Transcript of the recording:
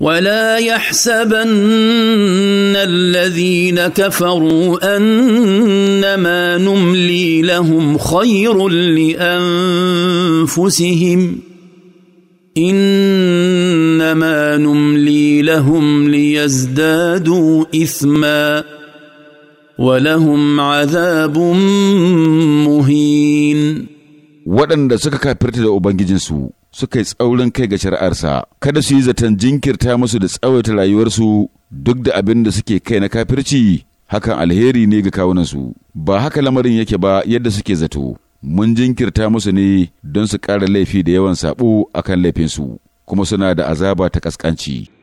ولا يحسبن الذين كفروا انما نملي لهم خير لانفسهم انما نملي لهم ليزدادوا اثما ولهم عذاب مهين waɗanda suka kafirta da Ubangijinsu suka yi tsaurin kai ga shari'arsa, kada su yi zaton jinkirta musu da tsawaita rayuwarsu duk da abin da suke kai na kafirci, hakan alheri ne ga kawunansu, ba haka lamarin yake ba yadda suke zato, mun jinkirta musu ne don su ƙara laifi da yawan saɓo akan laifinsu, kuma suna da azaba ta ƙasƙanci.